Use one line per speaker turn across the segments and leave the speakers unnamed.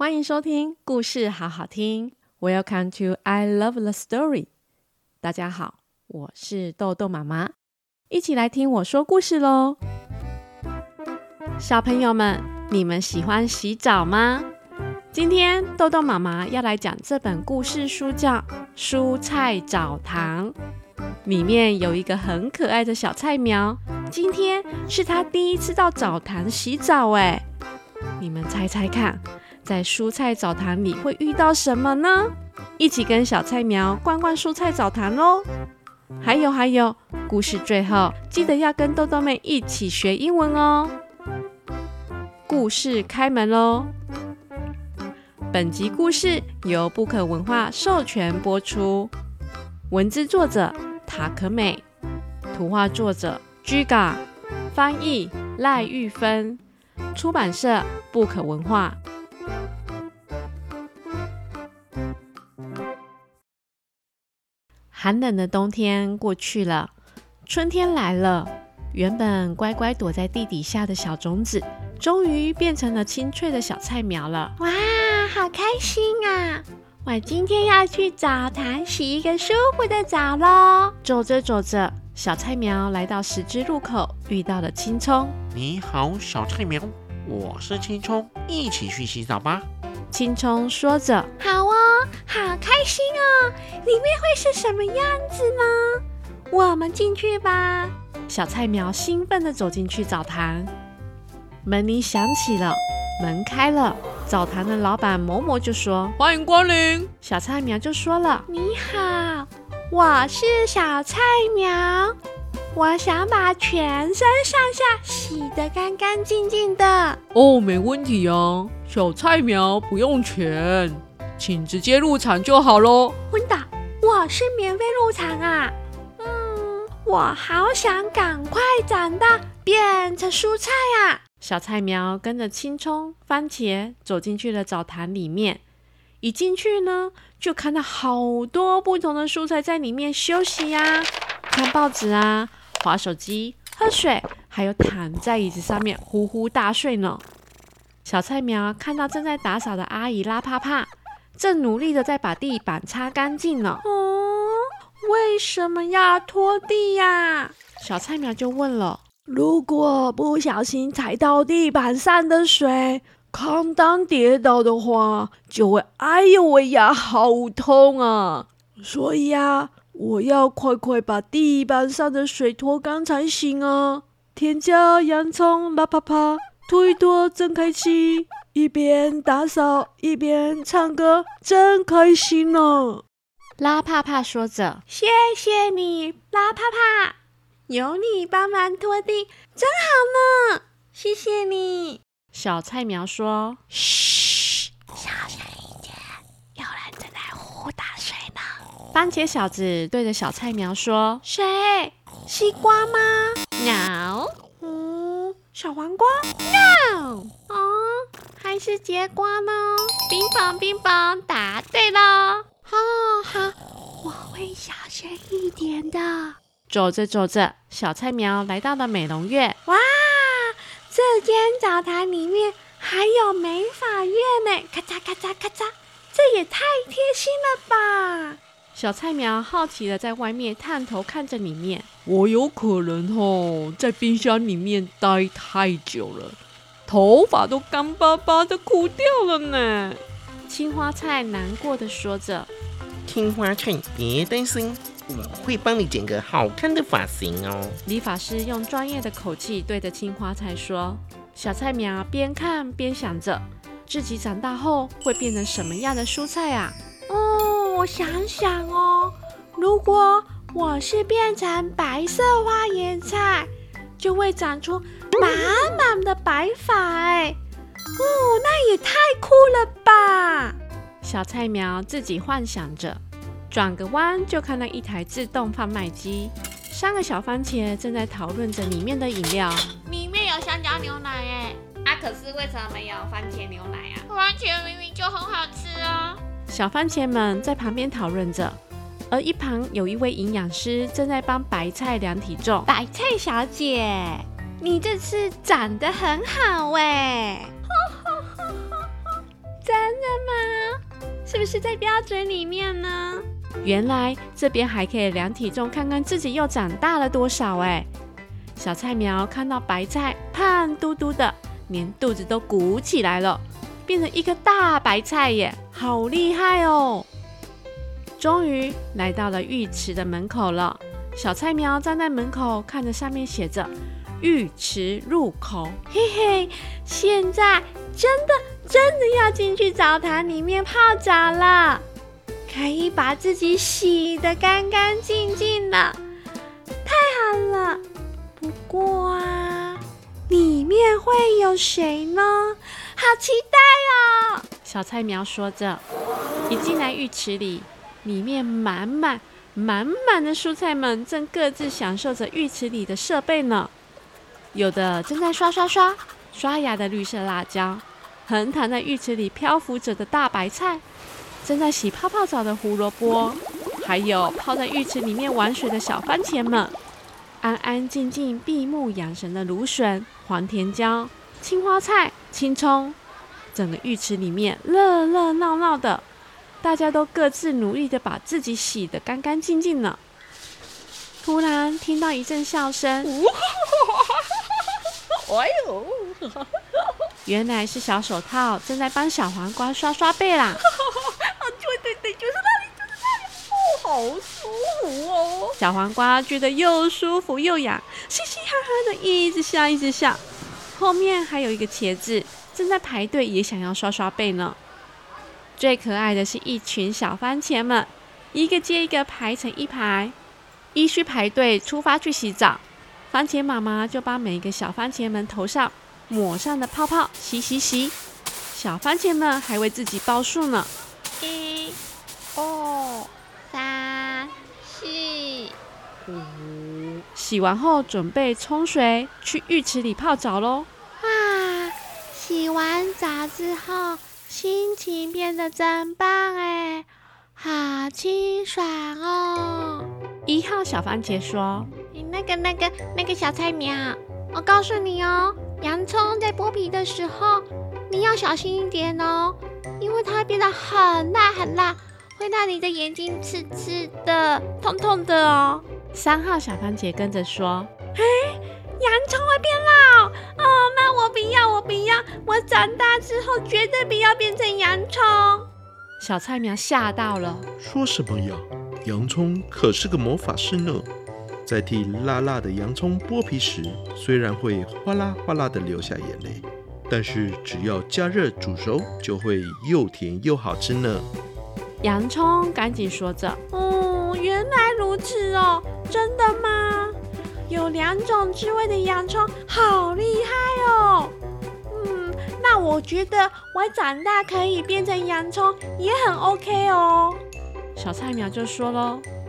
歡迎收聽故事好好聽。Welcome to I Love the Story。大家好，我是豆豆媽媽，一起來聽我說故事嘍。小朋友們，你們喜歡洗澡嗎？今天豆豆媽媽要來講這本故事書，叫《蔬菜澡堂》。裡面有一個很可愛的小菜苗，今天是她第一次到澡堂洗澡，哎，你們猜猜看？在蔬菜澡堂裡會遇到什麼呢？一起跟小菜苗逛逛蔬菜澡堂咯！還有還有，故事最後記得要跟荳荳妹一起學英文哦、喔！故事開門嘍！本集故事由布克文化授權播出，文字作者塔可美，圖畫作者 JIGU 翻譯賴毓棻，出版社布克文化。寒冷的冬天過去了，春天來了。原本乖乖躲在地底下的小種子，終於變成了青翠的小菜苗了。哇，好開心啊！我今天要去澡堂洗一個舒服的澡咯。走着走着，小菜苗來到十字路口，遇到了青蔥。你好，小菜苗，我是青蔥，一起去洗澡吧。青蔥說着：“好哦，好開心哦！裡面會是什麼樣子嗎？我們進去吧。”小菜苗興奮地走進去澡堂，門鈴響起了，門開了，澡堂的老闆嬤嬤就說：“歡迎光臨。”小菜苗就說了：“你好，我是小菜苗，我想把全身上下洗得乾乾淨淨的。”哦，沒問題啊。小菜苗不用錢，請直接入場就好咯。混蛋！我是免費入場啊！嗯，我好想趕快長大，變成蔬菜啊！小菜苗跟着青蔥、番茄走進去了澡堂裡面。一進去呢，就看到好多不同的蔬菜在裡面休息呀、啊，看報紙啊，滑手機，喝水，還有躺在椅子上面呼呼大睡呢。小菜苗看到正在打掃的阿姨拉啪啪，正努力的在把地板擦乾淨呢。嗯、哦，為什麼要拖地呀、啊？小菜苗就問了。如果不小心踩到地板上的水，哐噹跌倒的話，就會哎呦喂呀，好痛啊！所以啊，我要快快把地板上的水拖乾才行啊。甜椒、洋蔥，拉啪啪。拖一拖真開心，一邊打掃一邊唱歌，真開心呢、啊。拉帕帕說着：“謝謝你，拉帕帕，有你幫忙拖地，真好呢。”謝謝你，小菜苗說：“噓，小聲一點，有人正在呼呼大睡呢。”番茄小子對着小菜苗說：“誰？西瓜嗎？No，嗯，小黃瓜。”哦，還是節瓜呢？冰棒，冰棒，答對了！好、哦、好，我會小聲一點的。走着走着，小菜苗來到了美容院。哇，這間澡堂裡面還有美髮院呢！咔嚓咔嚓咔嚓，這也太貼心了吧！小菜苗好奇的在外面探頭看着裡面。我有可能哦，在冰箱裡面待太久了。頭髮都乾巴巴的枯掉了呢。青花菜難過的說着：“青花菜，別擔心，我會幫你剪個好看的髮型哦。”理髮師用專業的口氣對着青花菜說。小菜苗邊看邊想着，自己長大後會變成什麼樣的蔬菜啊？哦、嗯，我想想哦，如果我是變成白色花椰菜，就會長出。滿滿的白髮誒、欸，哦，那也太酷了吧！小菜苗自己幻想着，轉個彎就看到一台自動販賣機，三個小番茄正在討論着裡面的飲料，裡面有香蕉牛奶誒。啊可是為什麼沒有番茄牛奶啊？番茄明明就很好吃哦、啊！小番茄們在旁邊討論着，而一旁有一位營養師正在幫白菜量體重，白菜小姐。你這次長得很好哎、欸！真的嗎？是不是在標準裡面呢？原來這邊還可以量體重，看看自己又長大了多少哎、欸！小菜苗看到白菜胖嘟嘟的，連肚子都鼓起來了，變成一個大白菜耶！好厲害哦！終於來到了浴池的門口了，小菜苗站在門口，看着上面寫着，浴池入口，嘿嘿，現在真的真的，真的要進去澡堂裡面泡澡了，可以把自己洗得乾乾淨淨的，太好了。不過啊，裡面會有誰呢？好期待哦！小菜苗說着，一進來浴池裡，裡面滿滿滿滿的蔬菜們正各自享受着浴池裡的設備呢。有的正在刷刷刷刷牙的綠色辣椒，橫躺在浴池裡漂浮着的大白菜，正在洗泡泡澡的胡蘿蔔，還有泡在浴池裡面玩水的小番茄們，安安靜靜閉目養神的蘆筍、黃甜椒、青花菜、青蔥，整個浴池裡面熱熱鬧鬧的，大家都各自努力地把自己洗得乾乾淨淨呢。突然聽到一陣笑聲。哦呦！原來是小手套正在幫小黃瓜刷刷背啦！對對對，就是那裡，就是那裡！好舒服哦！小黃瓜覺得又舒服又癢，嘻嘻哈哈的一直笑，一直笑。後面還有一個茄子正在排隊，也想要刷刷背呢。最可愛的是一群小番茄們，一個接一個排成一排，依序排隊出發去洗澡。番茄媽媽就把每一個小番茄們頭上抹上的泡泡洗洗洗，小番茄們還為自己報數呢。一、二、三、四、五。洗完後準備沖水，去浴池裡泡澡嘍。哇！洗完澡之後心情變得真棒哎，好清爽哦！一號小番茄說。欸、那個、那個、那個小菜苗，我告訴你哦，洋蔥在剝皮的時候你要小心一點哦，因為它會變得很辣很辣，會讓你的眼睛刺刺的、痛痛的哦。三號小番茄跟着說：“哎，洋蔥會變辣？哦，那我不要，我不要，我長大之後絕對不要變成洋蔥。”小菜苗嚇到了，說什麼呀？洋蔥可是個魔法師呢。在替辣辣的洋蔥剝皮時，雖然會嘩啦嘩啦地流下眼淚，但是只要加熱煮熟，就會又甜又好吃呢。洋蔥趕緊說着：“哦、嗯，原來如此哦，真的嗎？有兩種滋味的洋蔥，好厲害哦。”嗯，那我覺得我長大可以變成洋蔥，也很 OK 哦。小菜苗就說嘍。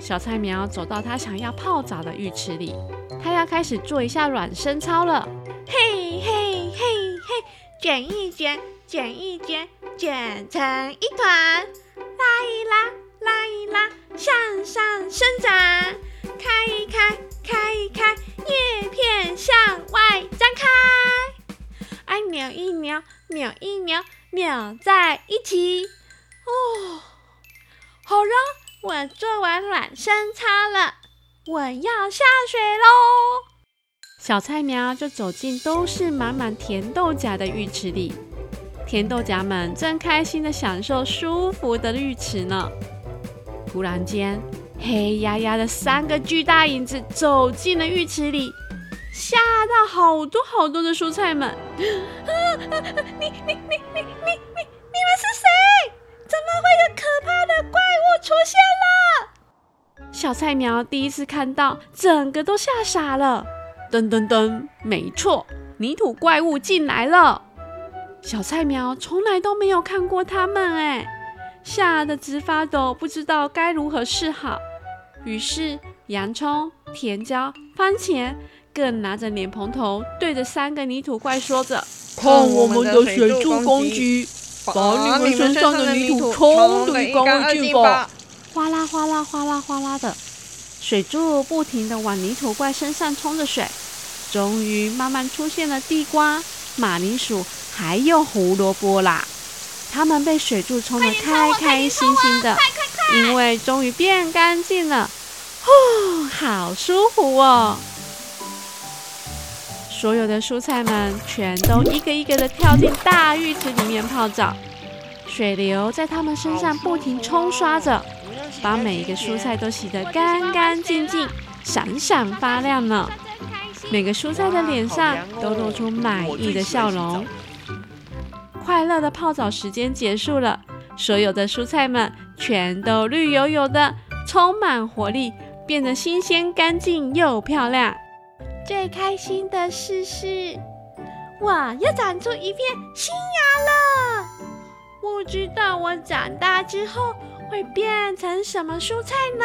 小菜苗走到它想要泡澡的浴池裡，它要開始做一下暖身操了。嘿嘿嘿嘿，卷一卷，卷一卷，卷成一團；拉一拉，拉一拉，向上伸展。開一開，開一開，葉片向外張開；哎，扭一扭，扭一扭，扭在一起。哦，好了。我做完暖身操了，我要下水嘍！小菜苗就走進都是滿滿甜豆莢的浴池裡，甜豆莢們正開心地享受舒服的浴池呢。突然間，黑壓壓的三個巨大影子走進了浴池裡，嚇到好多好多的蔬菜們！你你你你你！你你你你出現了，小菜苗第一次看到，整個都嚇傻了。噔噔噔，沒錯，泥土怪物進來了。小菜苗從來都沒有看過他們、欸，哎，嚇得直發抖，不知道該如何是好。於是，洋蔥、甜椒、番茄更拿着蓮蓬頭，對着三個泥土怪說着：“看我們的水柱攻擊，把你們身上的泥土沖得干干淨淨吧！”嘩啦嘩啦嘩啦嘩啦的，水柱不停地往泥土怪身上沖着水，終於慢慢出現了地瓜、馬鈴薯還有胡蘿蔔啦。他們被水柱沖得開開心心的，因為終於變乾淨了。呼，好舒服哦！所有的蔬菜們全都一個一個地跳進大浴池裡面泡澡，水流在他們身上不停沖刷着。把每一個蔬菜都洗得乾乾淨淨、閃閃發亮了。每個蔬菜的臉上都露出滿意的笑容。快樂的泡澡時間結束了，所有的蔬菜們全都綠油油的，充滿活力，變得新鮮、乾淨又漂亮。最開心的事是，哇，又長出一片新芽了！不知道我長大之後會變成什麼蔬菜呢？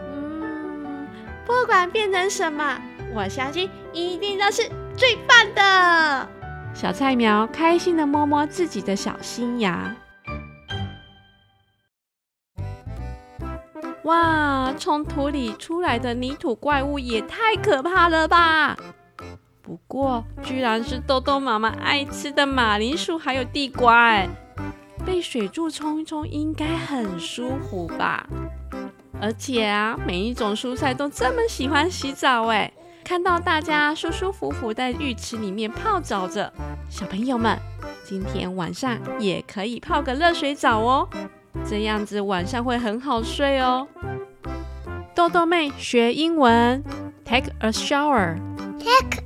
嗯，不管變成什麼，我相信一定都是最棒的。小菜苗開心地摸摸自己的小新芽。哇，從土裡出來的泥土怪物也太可怕了吧！不過，居然是荳荳媽媽愛吃的馬鈴薯還有地瓜誒、欸，被水柱沖一沖應該很舒服吧？而且啊，每一種蔬菜都這麼喜歡洗澡誒、欸，看到大家舒舒服服在浴池裡面泡澡着，小朋友們今天晚上也可以泡個熱水澡哦，這樣子晚上會很好睡哦。荳荳妹學英文，take a shower take。take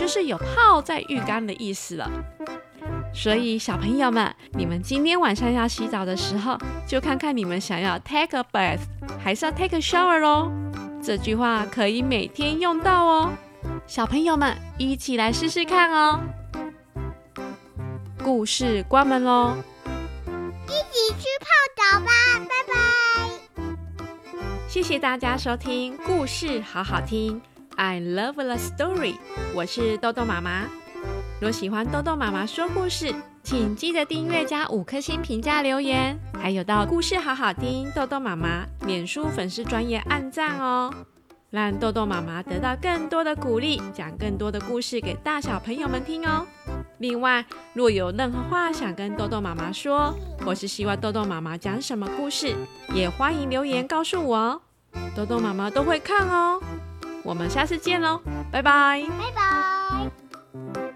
就是有泡在浴缸的意思了，所以小朋友們，你們今天晚上要洗澡的時候，就看看你們想要 take a bath 還是要 take a shower 咯。這句話可以每天用到哦。小朋友們，一起來試試看哦。故事關門嘍，一起去泡澡吧，拜拜。謝謝大家收聽故事，好好聽。I love the story。我是豆豆媽媽。若喜歡豆豆媽媽說故事，請記得訂閱加五顆星評價留言，還有到故事好好聽豆豆媽媽臉書粉絲專頁按讚哦，讓豆豆媽媽得到更多的鼓勵，講更多的故事給大小朋友們聽哦。另外，若有任何話想跟豆豆媽媽說，或是希望豆豆媽媽講什麼故事，也歡迎留言告訴我哦，豆豆媽媽都會看哦。我們下次見嘍，拜拜，拜拜。